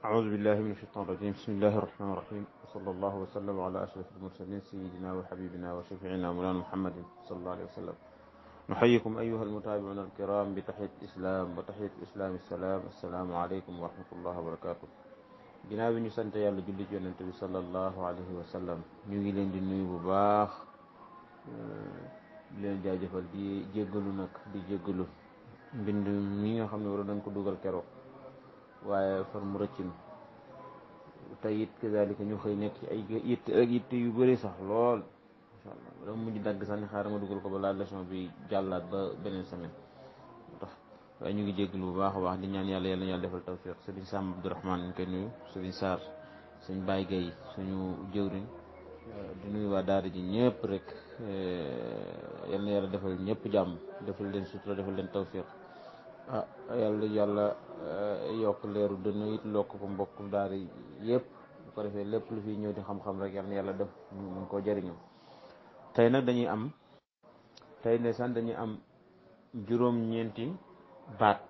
أعوذ بالله من الشيطان الرجيم بسم الله الرحمن الرحيم وصلى الله وسلم على أشرف المرسلين سيدنا وحبيبنا وشفيعنا مولانا محمد صلى الله عليه وسلم نحييكم أيها المتابعون الكرام بتحية الإسلام وتحية الإسلام السلام السلام عليكم ورحمة الله وبركاته جناب bi ñu sant yàlla julli ci yonente bi sallallahu alayhi wa sallam ñu ngi leen di nuyu bu baax di leen jaajëfal di jéggalu nag di waaye far mu rëcc mi te it kazalika ñu xëy nekk ci ay yitte ak yitte yu bëri sax lool incha allah dama mujj dagg sax ni xaaral ma dugal ko ba la leçon bi jàllaat ba beneen semaine tax waaye ñu ngi jégalu bu baax a baax di ñaan yàlla yàlla ñu yàlla defal tawfiq sëriñ Sam abdourahman ñu koy nuyu sëriñ Sarr suñ Baye gay suñu jëwriñ di nuyu waa daara ji ñëpp rek yal na yàlla defal ñëpp jàmm defal leen sutura defal leen tawfiq ah yàlla yàlla eh, yokk leeru dënn it lokk ko mbokk daal yëpp bu ko defee lépp lu fi ñëw di xam-xam rek yàlla na yàlla def ñu mun koo jëriñu tey nag dañuy am tey ndeysaan dañuy am juróom-ñeenti baat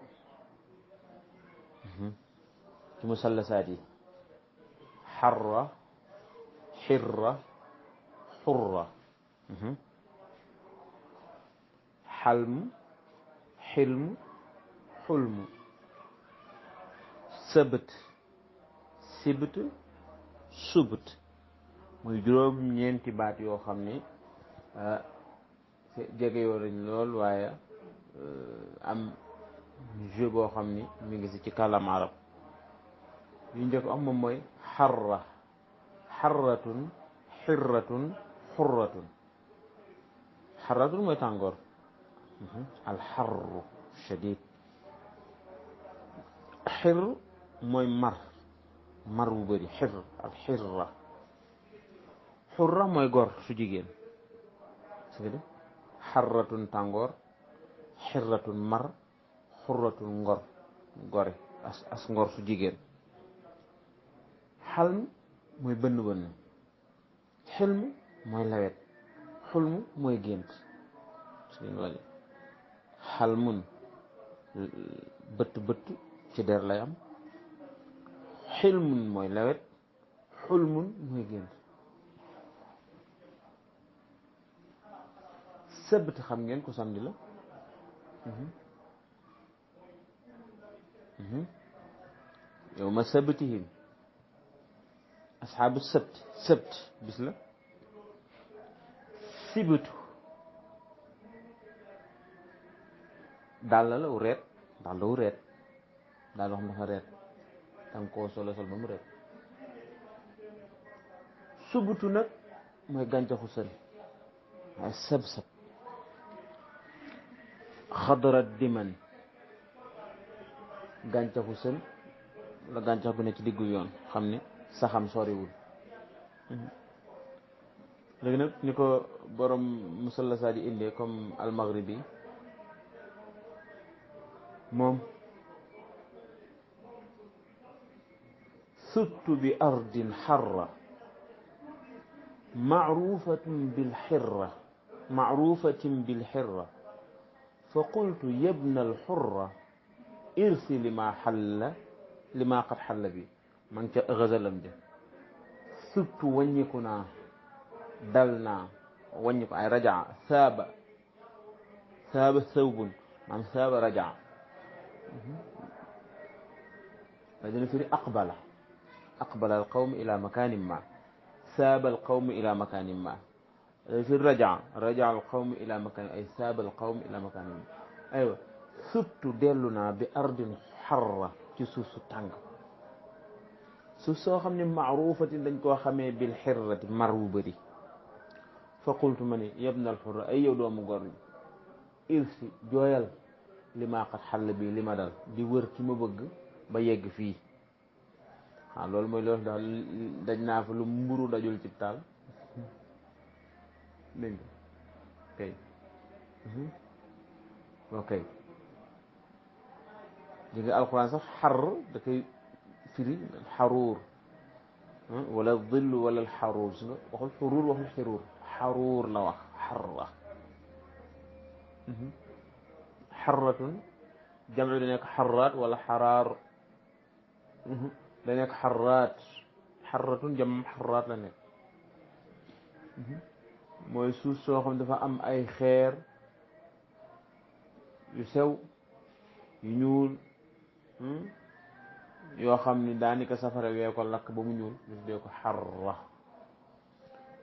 mhm. ci musallasaat yi xarra xirra xurra mhm. xalm xilm xulmu sëbët sibt subt muy juróom ñeenti baat yoo xam ni jege yoo nañ lool waaye am jeu boo xam ni mu ngi si ci kàllaam arab yu njëkk am moom mooy xarra xarratun xirratun xurratun xarratun mooy tàngoor mhm. alxarru shadid xir mooy mar mar bu bëri xir ak xirra xurra mooy góor su jigéen xarratun tàngoor xirratun mar xurratun ngor gore as ngor su jigéen xalm mooy bënn bënn xilm mooy lawet xulm mooy gént xalmun bëtt bëtt ci der lay am xilmun mooy lewet xulmun mooy gént sëbt xam ngeen ko samedi la mhm. mhm. yow ma sabtihim asxaabu sëbt sëbt bis la sibtu dàll la wu reet daal loo xam dafa reet da koo solo sol ba mu reet subutu nag mooy gàncaxu sël waaye sab-sab xadara diman gàncaxu sën la gàncax gu ne ci diggu yoon xam ne saxam soriwul mhm. léegi nag ni ko borom musalla saa di indee comme almagribi moom ثت بأرض حرة معروفة بالحرة معروفة بالحرة فقلت يا ابن الحرة ارثي لما حل لما قد حل به من غزل لم جه ثت ونيكنا دلنا ونيك أي رجع ثاب ثاب ثوب من ثاب رجع بعدين في أقبله aqbala alqawm ila makanin ma saaba alqawm ila makanin ma fi rajaa dellu naa bi ardin xarra ci suuf su tàng suuf soo xam ne maarufatin koo xamee bil mar wu bëri fa qultu ma ni yabna alxurra doomu góor irsi jooyal li maa xat xàll bi li ma dal di wër ki bëgg ba yegg fii waaw ah, loolu mooy loolu daal daj naa fa lu mburu dajul ci taal dégg nga kay mm-hmm. ok di nga alxuraan sax xar da koy firi xaruur hmm? wala dhill wala xaruur su nga waxul xuruur waxul xiruur xaruur la wax xar wax mm-hmm. xarratun jamcu di nekk xarraat wala xaraar mm-hmm. دنيك حرات حرات جمع حرات لا نيك موي سوس سو خم دا ام اي خير يسو ينول هم يو خم ني دانيك سفر ويكو لك بو نيول ديكو حره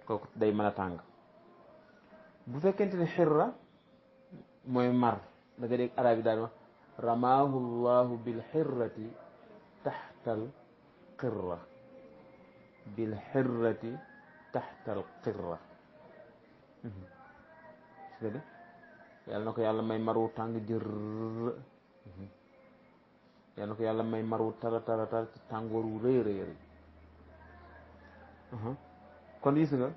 كوك داي مانا تانغ بو فكنتي حره موي مار داغي ديك عربي دا رماه الله بالحره تحت alqirra bilxirrati taxta alqirra yàlla na ko yàlla may maru tàng jër yàlla na ko yàlla may maru tara tara tar ci tàngoor wu rëy rëy rëy uh-huh. kon gis nga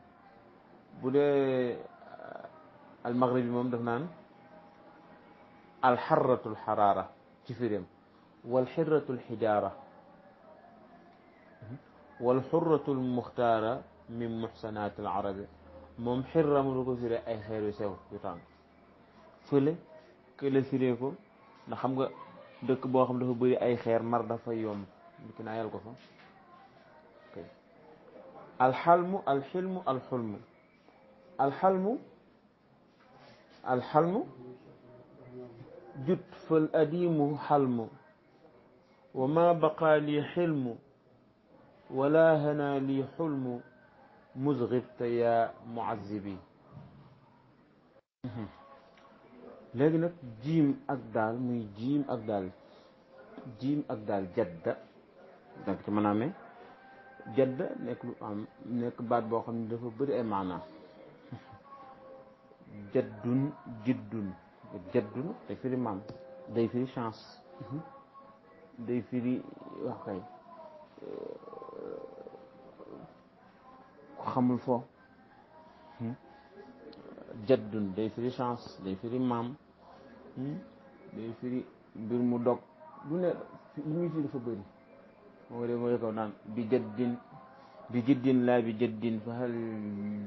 bu dee uh, almagrib bi moom daf naan alxarratu alxaraara ci firéem walxirratu alxijaara والحرة المختارة من محسنات العرب ممحرة مرغزرة أي خير سو يطان فل كل سيريكو نحن دك بو خم دو بري أي خير مرضى في يوم لكن أيال كفا الحلم الحلم الحلم الحلم الحلم جد فالأديم حلم وما بقى لي حلم ولا هنا لي حلم مزغبت يا معذبي لكن جيم اك دال جيم اك جيم اك دال جد دونك منامي جد نيك لو ام نيك بات بو خامني دا فا اي مانا جدن جدن جدن تفري مام داي فري شانس داي فري واخ ku xamul foo hmm? jaddun day firi chance day firi maam hmm? day firi mbir mu dog du ne li muy firi dafa bëri moo de mooy kaw naan bi jaddin bi jiddin laa bi jaddin fa hal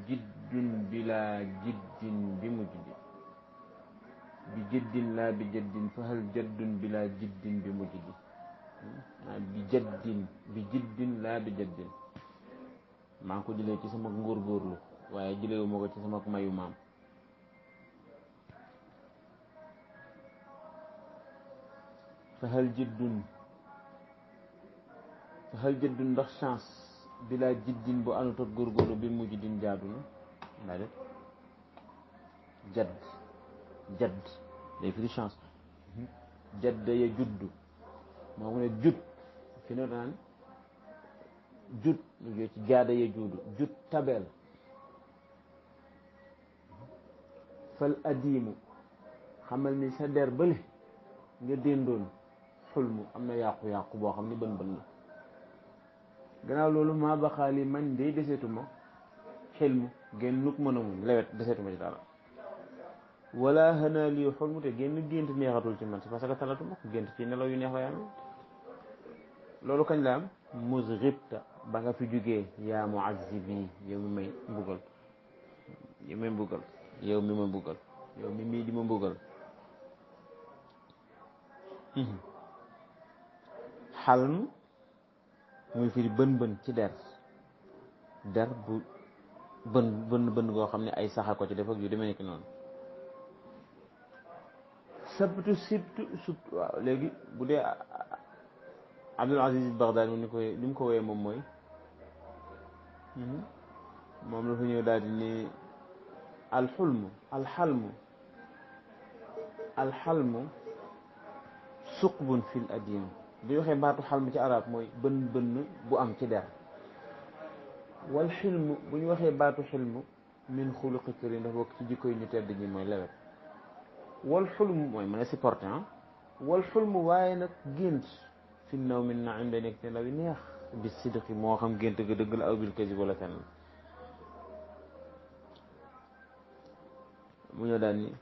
jiddun bi laa bi mu jiddin bi jiddin laa bi jaddin fa hal jaddun bi laa bi mu jiddin bi jaddin bi jiddin laa bi jaddin maa ngi ko jële ci sama ngóorgóorlu waaye jëlewu ko ci sama mayu maam fahal jiddun fahal jiddun ndax chance bi laa jiddin bu anutoot góorgóorlu bi mujj din jaadu na ndaa def jadd jadd day firi chance jadd ya juddu moom ne jut fi nu jut lu ci jaada ya jut tabel fal adiimu xamal ni sa der bële nga déndoon xulmu am na yàqu-yàqu boo xam ne bën bën la gannaaw loolu maa baxaali man de deseetuma xilmu génn nuk mënamuñ lewet deseetuma ci dara wala xanaa lii xolmu te génn gént neexatul ci man si parce que talatuma ko gént ci nelaw yu neex lay amee loolu kañ la am musribta ba nga fi jógee yaa muazzibi yow mi may mbugal yow yow mi ma mbugal yow mi mii di ma mbugal mhm. xalm muy firi bën bën ci der der bu bën bën bën goo xam ne ay saxa ko ci def yu demee nekk noonu sabtu sibtu sut waaw léegi bu dee ah, Abdul Aziz Baghdad mu ni ko li mu ko woyee moom mooy mhm, moom dafa ñëw daal di ni alxulmu alxalmu alxalmu suqbun fil adim bi waxee baatu xalmu ci araab mooy bën bën bu am ci der wal xilmu bu ñu waxee baatu xilmu min xuluqi karim dafa bokk ci jikko yi ñu tedd ñi mooy lewet wal xulm mooy mën ah. waaye nag gént fi naw min na im day nekk te neex bi sidqi moo xam gént ga dëgg la aw bil kasib wala fenn mu ñëw daal ni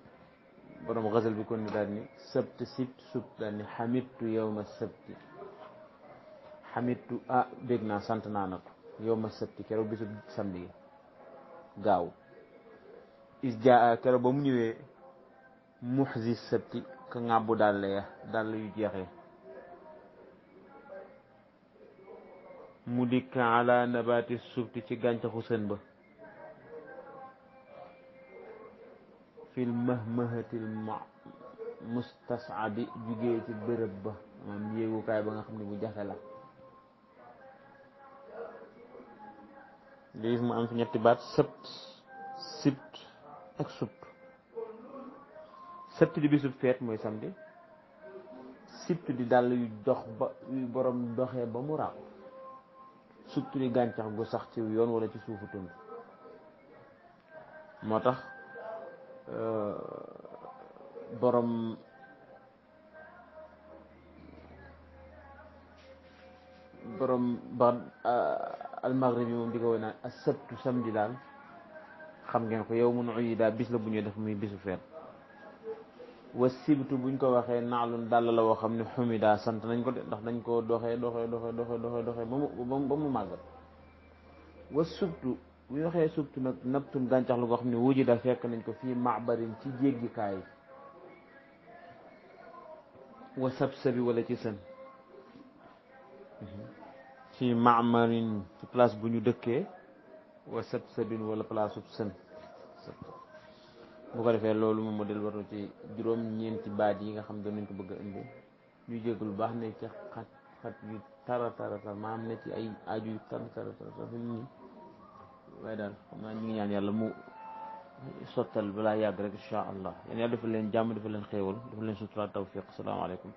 xasal bi kon ni daal ni sabt sibt sub daal ni xamittu yowma sabti xamittu ah bég sant naa nag yowma sabti keroog bisub samedi gaaw is jaa keroog ba mu ñëwee muhzi sabti ka nga bu ya dal yu jexé mu ala nabati subti ci gàncaxu sën ba fi ma lmustasadi jugee ci bërëb ba maanaam kay ba nga xamni bu jaxé la léegi mu am fi ñetti baat sept sept ak sept di bisub fet moy samedi sept di dal yu dox ba yu borom doxé ba mu raaw suttu di gantax gu sax ci yoon wala ci suufu tund motax tax euh, borom borom ba euh, al yi moom diko wena sept samedi dal xam ngeen ko yow mun uyida bis la buñu def muy bisu fet والسبت بوين كو واخا نعل دال لا وخا خامني حميدا سانت نانكو داخ نانكو دوخي دوخي دوخي دوخي دوخي دوخي بام بام ماغ والسبت بوين واخا سبت نك نبتم غانتاخ لو خامني وجي دا فيك نانكو في معبرين تي جيغي كاي وسبسبي ولا تيسن في معمرين في بلاص بو ني دكه وسبسبين ولا بلاصو سن boo ko defee loolu moom mu delluwaatu ci juróom-ñeenti baat yi nga xam doon nañ ko bëgg a indi ñu jégul lu baax ne ci xat xat yu tara tara tara maam ne ci ay aaju yu tara tara tara fi nit ñi waaye daal xam naa ñu ngi ñaan yàlla mu sottal balaa yàgg rek incha allah yéen yàlla dafa leen jàmm dafa leen xéewal dafa leen sutura tawfiq salaamaaleykum